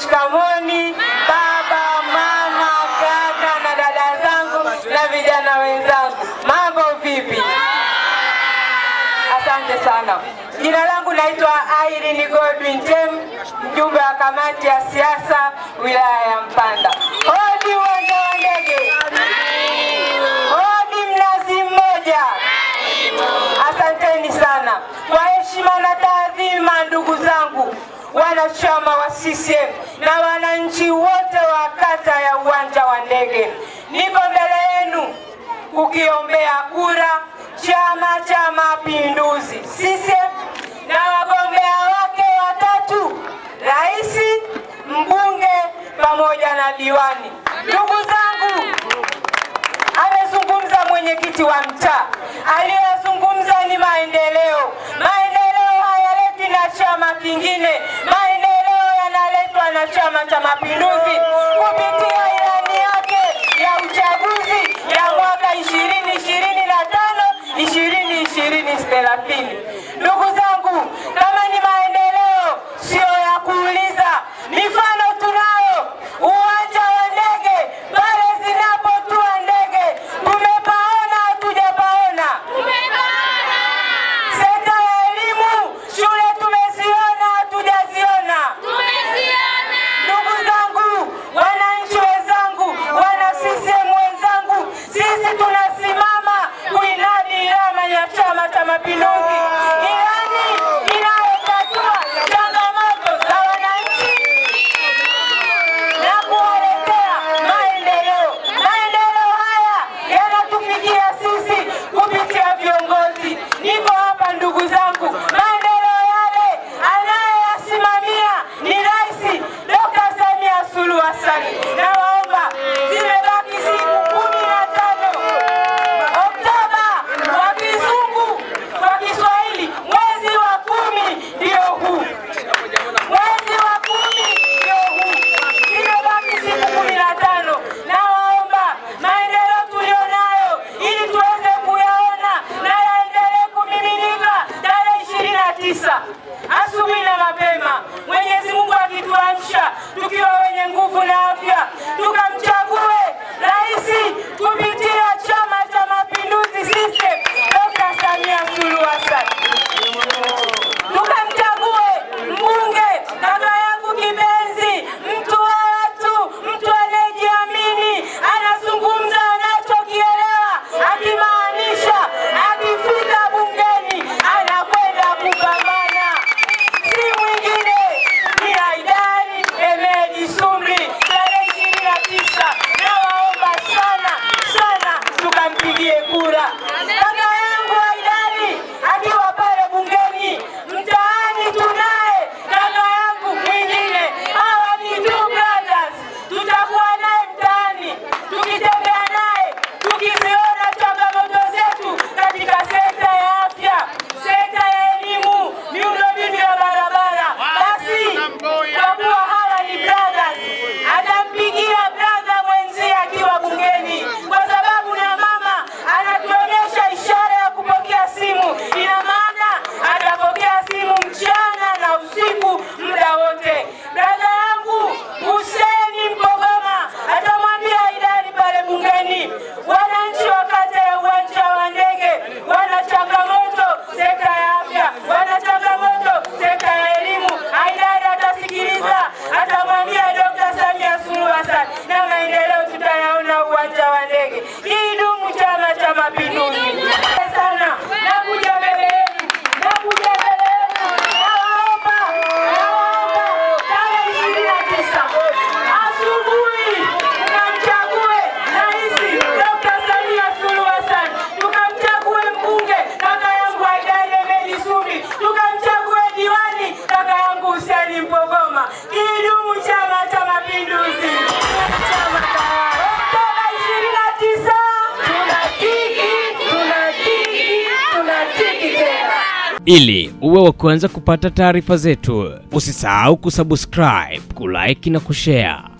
shikamoni baba, mama, kaka na dada zangu na vijana wenzangu, mambo vipi? Asante sana. Jina langu naitwa Irene Godwin Tem, mjumbe wa kamati ya siasa wilaya ya Mpanda. wanachama wa CCM na wananchi wote wa kata ya uwanja wa ndege, niko mbele yenu kukiombea kura Chama cha Mapinduzi CCM na wagombea wake watatu, rais, mbunge pamoja na diwani. Ndugu zangu, amezungumza mwenyekiti wa mtaa, aliyozungumza ni maendeleo. Maendeleo hayaleti na chama kingine na Chama cha Mapinduzi kupitia ilani yake ya uchaguzi ya mwaka 2025 2020 thelathini You know. Ili uwe wa kwanza kupata taarifa zetu, usisahau kusubscribe, kulike na kushare.